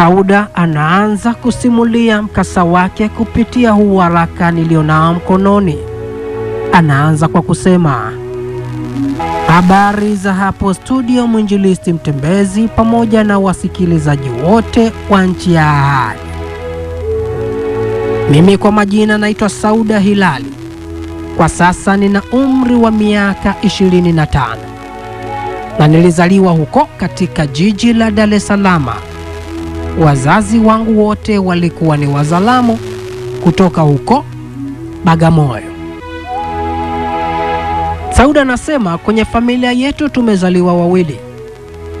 Sauda anaanza kusimulia mkasa wake kupitia huu waraka nilionao mkononi. Anaanza kwa kusema, habari za hapo studio Mwinjilisti Mtembezi pamoja na wasikilizaji wote wa Nchi ya Ahadi. Mimi kwa majina naitwa Sauda Hilali. Kwa sasa nina umri wa miaka 25 na nilizaliwa huko katika jiji la Dar es Salaam Wazazi wangu wote walikuwa ni wazalamu kutoka huko Bagamoyo. Sauda anasema kwenye familia yetu tumezaliwa wawili,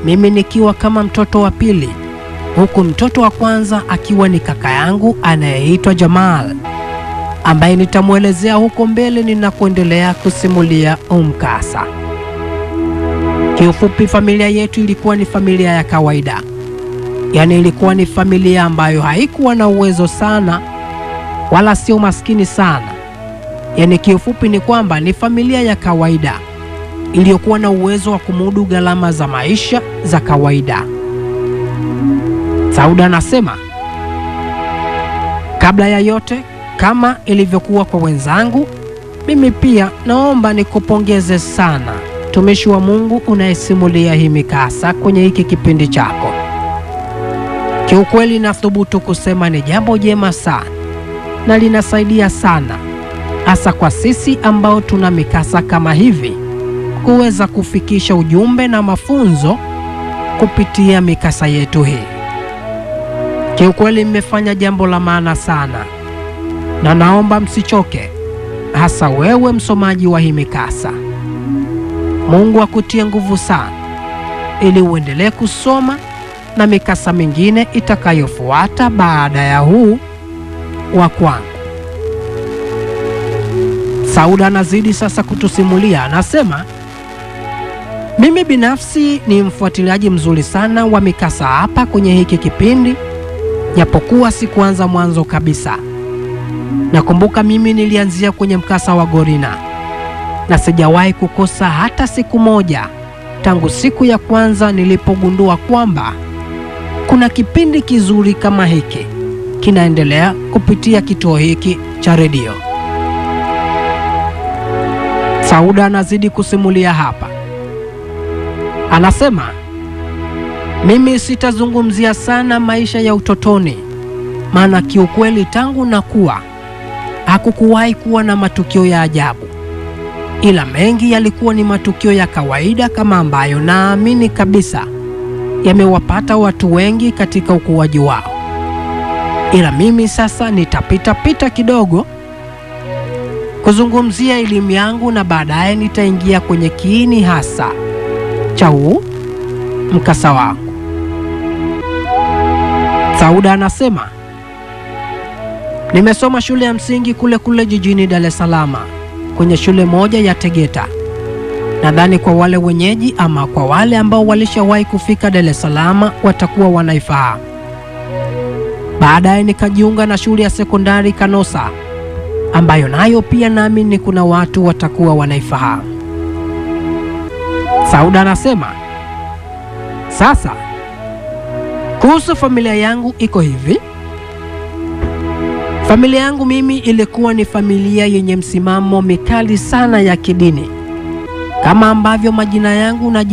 mimi nikiwa kama mtoto wa pili, huku mtoto wa kwanza akiwa ni kaka yangu anayeitwa Jamal ambaye nitamwelezea huko mbele ninakuendelea kusimulia umkasa. Kiufupi, familia yetu ilikuwa ni familia ya kawaida Yaani ilikuwa ni familia ambayo haikuwa na uwezo sana wala sio maskini sana. Yaani kiufupi ni kwamba ni familia ya kawaida iliyokuwa na uwezo wa kumudu gharama za maisha za kawaida. Sauda anasema, kabla ya yote, kama ilivyokuwa kwa wenzangu, mimi pia naomba nikupongeze sana, mtumishi wa Mungu unayesimulia hii mikasa kwenye hiki kipindi chako. Kiukweli nathubutu kusema ni jambo jema sana na linasaidia sana, hasa kwa sisi ambao tuna mikasa kama hivi, kuweza kufikisha ujumbe na mafunzo kupitia mikasa yetu hii. Kiukweli mmefanya jambo la maana sana, na naomba msichoke, hasa wewe msomaji wa hii mikasa. Mungu akutie nguvu sana ili uendelee kusoma na mikasa mingine itakayofuata baada ya huu wa kwangu. Sauda anazidi sasa kutusimulia, anasema mimi binafsi ni mfuatiliaji mzuri sana wa mikasa hapa kwenye hiki kipindi, japokuwa sikuanza mwanzo kabisa. Nakumbuka mimi nilianzia kwenye mkasa wa Gorina na sijawahi kukosa hata siku moja tangu siku ya kwanza nilipogundua kwamba kuna kipindi kizuri kama hiki kinaendelea kupitia kituo hiki cha redio. Sauda anazidi kusimulia hapa, anasema mimi sitazungumzia sana maisha ya utotoni, maana kiukweli tangu na kuwa hakukuwahi kuwa na matukio ya ajabu, ila mengi yalikuwa ni matukio ya kawaida kama ambayo naamini kabisa yamewapata watu wengi katika ukuaji wao, ila mimi sasa nitapita pita kidogo kuzungumzia elimu yangu na baadaye nitaingia kwenye kiini hasa cha huu mkasa wangu. Sauda anasema nimesoma shule ya msingi kule kule jijini Dar es Salaam kwenye shule moja ya Tegeta. Nadhani kwa wale wenyeji ama kwa wale ambao walishawahi kufika Dar es Salaam watakuwa wanaifaa. Baadaye nikajiunga na shule ya sekondari Kanosa ambayo nayo pia naamini kuna watu watakuwa wanaifahamu. Sauda anasema sasa kuhusu familia yangu iko hivi. Familia yangu mimi ilikuwa ni familia yenye msimamo mikali sana ya kidini kama ambavyo majina yangu na